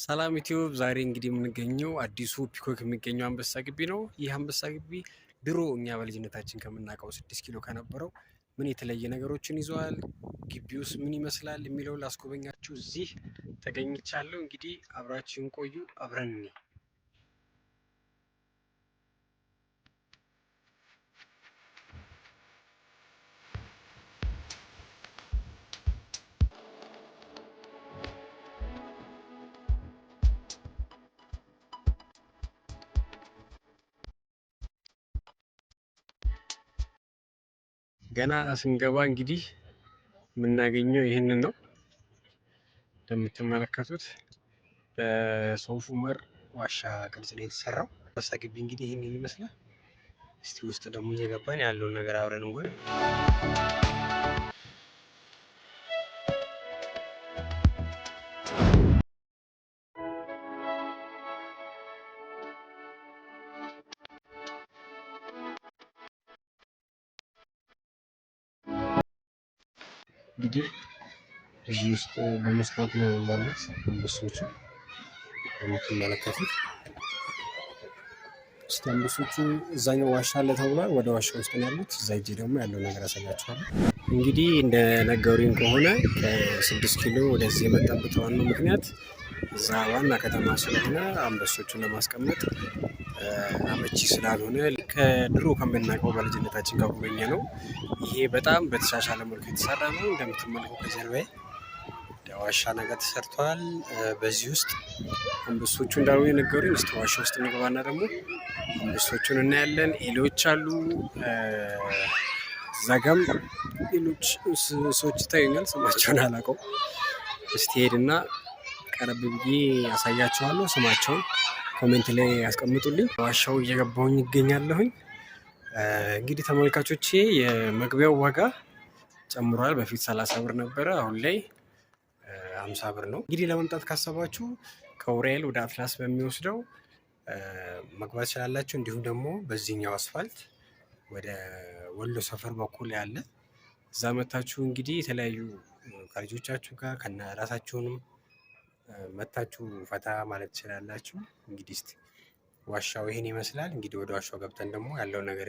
ሰላም ዩቲዩብ፣ ዛሬ እንግዲህ የምንገኘው አዲሱ ፒኮክ የሚገኘው አንበሳ ግቢ ነው። ይህ አንበሳ ግቢ ድሮ እኛ በልጅነታችን ከምናውቀው ስድስት ኪሎ ከነበረው ምን የተለየ ነገሮችን ይዘዋል፣ ግቢውስ ምን ይመስላል የሚለው ላስጎበኛችሁ እዚህ ተገኝቻለሁ። እንግዲህ አብራችን ቆዩ፣ አብረን ገና ስንገባ እንግዲህ የምናገኘው ይህንን ነው። እንደምትመለከቱት በሶፍ ዑመር ዋሻ ቅርጽ ነው የተሰራው። በሳ ግቢ እንግዲህ ይህንን ይመስላል። እስቲ ውስጥ ደግሞ እየገባን ያለውን ነገር አብረን እንጎል እንግዲህ እዚህ ውስጥ በመስታወት ነው ማለት አንበሶቹ የምትመለከቱት። እስቲ አንበሶቹ እዛኛው ዋሻ አለ ተብሏል። ወደ ዋሻ ውስጥ ነው ያሉት። እዛ ሂጄ ደግሞ ያለው ነገር አሳያችኋለሁ። እንግዲህ እንደነገሩኝ ከሆነ ከስድስት ኪሎ ወደዚህ የመጣበት ዋናው ምክንያት እዛ ዋና ከተማ ስለሆነ አንበሶቹን ለማስቀመጥ አመቺ ስላልሆነ ከድሮ ከምናውቀው በልጅነታችን ከጎበኘ ነው ይሄ በጣም በተሻሻለ መልኩ የተሰራ ነው። እንደምትመለከው ከጀርባዬ ዋሻ ነገር ተሰርተዋል። በዚህ ውስጥ አንበሶቹ እንዳሉ የነገሩ ስ ዋሻ ውስጥ እንግባና ደግሞ አንበሶቹን እናያለን። ኤሌዎች አሉ። ዛጋም ሌሎች ሰዎች ይታዩኛል። ስማቸውን አላውቀውም። እስቲ ሄድና ቀረብ ብዬ ያሳያቸዋለሁ ስማቸውን ኮሜንት ላይ ያስቀምጡልኝ። ዋሻው እየገባሁኝ ይገኛለሁኝ። እንግዲህ ተመልካቾቼ የመግቢያው ዋጋ ጨምሯል። በፊት ሰላሳ ብር ነበረ፣ አሁን ላይ አምሳ ብር ነው። እንግዲህ ለመምጣት ካሰባችሁ ከውራኤል ወደ አትላስ በሚወስደው መግባት ይችላላችሁ። እንዲሁም ደግሞ በዚህኛው አስፋልት ወደ ወሎ ሰፈር በኩል ያለ እዛ መታችሁ እንግዲህ የተለያዩ ከልጆቻችሁ ጋር ከነ ራሳችሁንም መታችሁ ፈታ ማለት ትችላላችሁ። እንግዲህ እስኪ ዋሻው ይህን ይመስላል። እንግዲህ ወደ ዋሻው ገብተን ደግሞ ያለው ነገር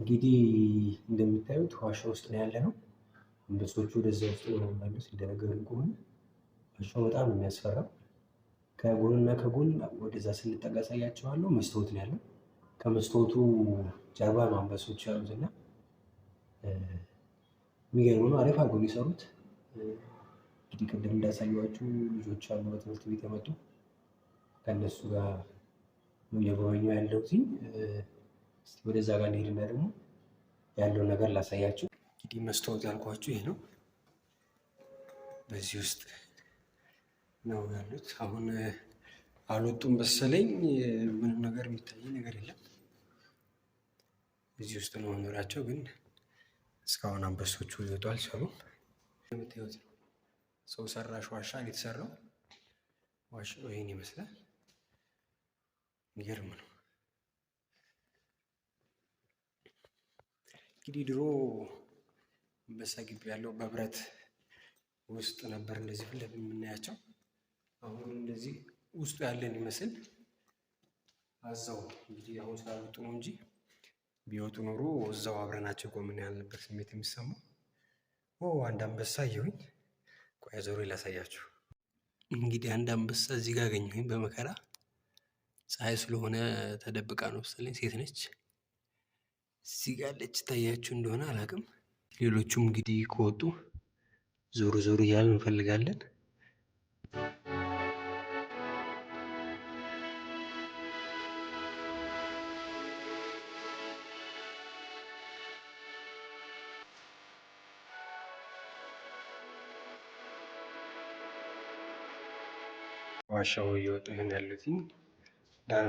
እንግዲህ እንደምታዩት ዋሻ ውስጥ ነው ያለ ነው። አንበሶቹ ወደዛ ውስጥ ነው ማለት ከሆነ ዋሻው በጣም የሚያስፈራው ከጎንና ከጎን ወደዛ ስንጠጋ ሳያቸዋለሁ መስታወት ነው ያለው። ከመስታወቱ ጀርባ ነው ያሉትና የሚገርም ነው። አሪፍ አድርገው የሚሰሩት እንግዲህ ቅድም እንዳሳየኋችሁ ልጆች አሉ በትምህርት ቤት የመጡ ከእነሱ ጋር እየጎበኙ ያለው እዚህ ወደዛ ጋር እንሄድና ደግሞ ያለው ነገር ላሳያችሁ። እንግዲህ መስታወት ያልኳችሁ ይሄ ነው። በዚህ ውስጥ ነው ያሉት። አሁን አልወጡም መሰለኝ። ምንም ነገር የሚታይ ነገር የለም። እዚህ ውስጥ ነው መኖራቸው ግን እስካሁን አንበሶቹ ሊወጡ ሰሩ የምታዩት ነው ሰው ሰራሽ ዋሻ የተሰራው ዋሻ ይህን ይመስላል። የሚገርም ነው። እንግዲህ ድሮ አንበሳ ግቢ ያለው በብረት ውስጥ ነበር እንደዚህ ፊት ለፊት የምናያቸው። አሁን እንደዚህ ውስጡ ያለን ይመስል አዛው እንግዲህ አሁን ስላልወጡ ነው እንጂ ቢወጡ ኖሮ እዛው አብረናቸው ቆምን ያልንበት ስሜት የሚሰማው። ኦ አንድ አንበሳ አየሁኝ። ቆይ ዞሮ ላሳያችሁ። እንግዲህ አንድ አንበሳ እዚህ ጋር አገኘሁኝ በመከራ ፀሐይ ስለሆነ ተደብቃ ነው መሰለኝ። ሴት ነች። እዚህ ጋር አለች። ታያችሁ እንደሆነ አላውቅም። ሌሎቹም እንግዲህ ከወጡ ዞሮ ዞሮ እያልን እንፈልጋለን። ዋሻው እየወጡ ይሆን ያሉትኝ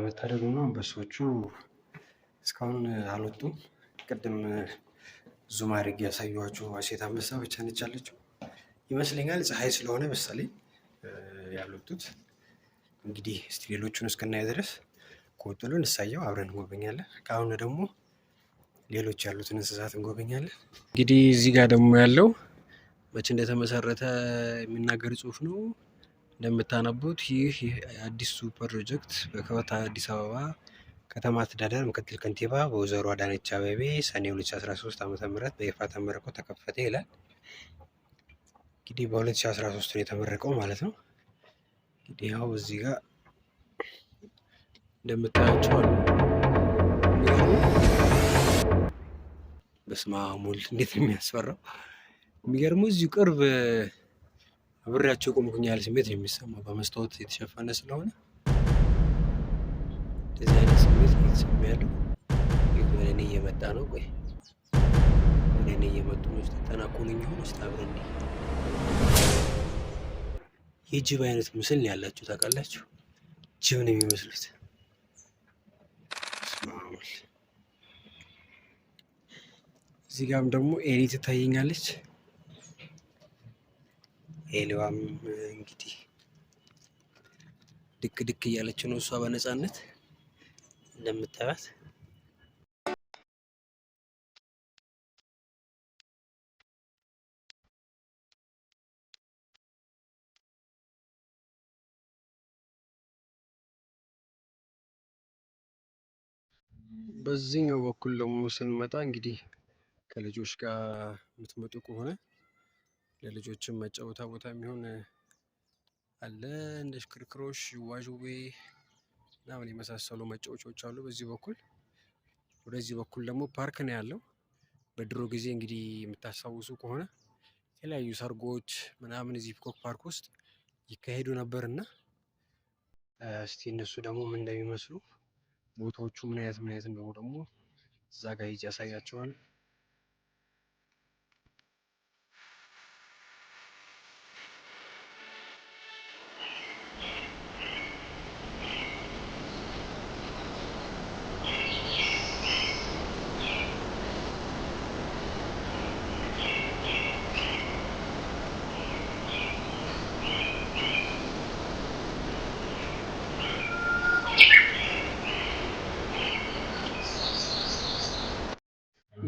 መታደግ ነው። አንበሶቹ እስካሁን አልወጡም። ቅድም ዙም አድርጌ ያሳየኋችሁ ሴት አንበሳ ብቻ ነች ያለችው ይመስለኛል። ፀሐይ ስለሆነ መሰለኝ ያልወጡት። እንግዲህ እስቲ ሌሎቹን ድረስ ቆጥሎ እሳየው አብረን እንጎበኛለን። ከአሁኑ ደግሞ ሌሎች ያሉትን እንስሳት እንጎበኛለን። እንግዲህ እዚህ ጋር ደግሞ ያለው መቼ እንደተመሰረተ የሚናገር ጽሁፍ ነው። እንደምታነቡት ይህ የአዲሱ ፕሮጀክት አዲስ አበባ ከተማ አስተዳደር ምክትል ከንቲባ በወይዘሮ አዳነች አቤቤ ሰኔ 2013 ዓ ም በይፋ ተመርቆ ተከፈተ ይላል። እንግዲህ በ2013 ነው የተመረቀው ማለት ነው። እንግዲህ ያው እዚህ ጋር እንደምታያቸው አሉ። በስመ አብ እንዴት ነው የሚያስፈራው! የሚገርመው እዚሁ ቅርብ አብሬያቸው የቆምኩኝ ያህል ስሜት ነው የሚሰማው። በመስታወት የተሸፈነ ስለሆነ እንደዚህ አይነት ስሜት የተሰማ ያለው ወደ እኔ እየመጣ ነው። ወይ ወደ እኔ እየመጡ ነው። ተጠናኮንኝ ሆን ስ አብረን የጅብ አይነት ምስል ነው ያላችሁ ታውቃላችሁ። ጅብ ነው የሚመስሉት። እዚህ ጋርም ደግሞ ኤሊ ትታየኛለች። ሄሊዋም እንግዲህ ድክ ድክ እያለች ነው እሷ በነፃነት እንደምታያት በዚህኛው በኩል ደግሞ ስንመጣ እንግዲህ ከልጆች ጋር የምትመጡ ከሆነ ለልጆችም መጫወታ ቦታ የሚሆን አለ። እንደ ሽክርክሮሽ፣ ዋዥዌ ምናምን የመሳሰሉ መጫወቻዎች አሉ። በዚህ በኩል ወደዚህ በኩል ደግሞ ፓርክ ነው ያለው። በድሮ ጊዜ እንግዲህ የምታስታውሱ ከሆነ የተለያዩ ሰርጎች ምናምን እዚህ ፒኮክ ፓርክ ውስጥ ይካሄዱ ነበር እና እስቲ እነሱ ደግሞ ምን እንደሚመስሉ ቦታዎቹ ምን አይነት ምን አይነት እንደሆኑ ደግሞ እዛ ጋር ሂጅ ያሳያቸዋል።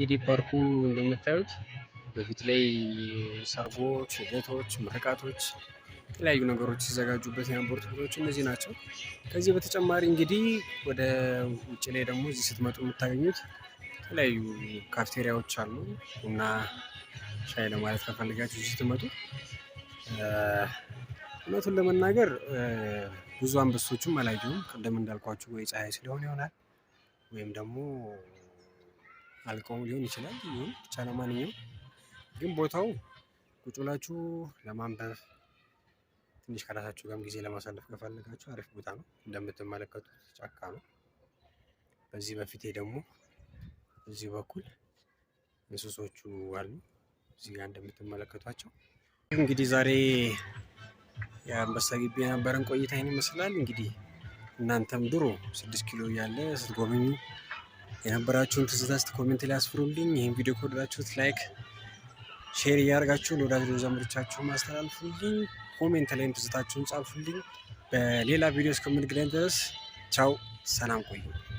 እንግዲህ ፓርኩ እንደምታዩት በፊት ላይ ሰርጎች፣ ልደቶች፣ ምርቃቶች የተለያዩ ነገሮች ሲዘጋጁበት የነበሩ ቦታዎች እነዚህ ናቸው። ከዚህ በተጨማሪ እንግዲህ ወደ ውጭ ላይ ደግሞ እዚህ ስትመጡ የምታገኙት የተለያዩ ካፍቴሪያዎች አሉ እና ሻይ ለማለት ከፈልጋችሁ ስትመጡ እውነቱን ለመናገር ብዙ አንበሶችም አላየሁም። ቅድም እንዳልኳችሁ ወይ ፀሐይ ስለሆነ ይሆናል ወይም ደግሞ አልቀው ሊሆን ይችላል። ይሁን ብቻ ለማንኛውም ግን ቦታው ቁጭ ብላችሁ ለማንበብ ትንሽ ከራሳችሁ ጋርም ጊዜ ለማሳለፍ ከፈለጋችሁ አሪፍ ቦታ ነው። እንደምትመለከቱት ጫካ ነው። በዚህ በፊቴ ደግሞ በዚህ በኩል እንስሶቹ አሉ። እዚህ ጋር እንደምትመለከቷቸው እንግዲህ ዛሬ የአንበሳ ግቢ የነበረን ቆይታ ይህን ይመስላል። እንግዲህ እናንተም ድሮ ስድስት ኪሎ እያለ ስትጎበኙ የነበራችሁን ትዝታ ስት ኮሜንት ላይ አስፍሩልኝ። ይህን ቪዲዮ ከወደዳችሁት ላይክ፣ ሼር እያደርጋችሁ ለወዳጅ ዘመዶቻችሁም ማስተላልፉልኝ። ኮሜንት ላይም ትዝታችሁን ጻፉልኝ። በሌላ ቪዲዮ እስከምንገናኝ ድረስ ቻው፣ ሰላም ቆዩ።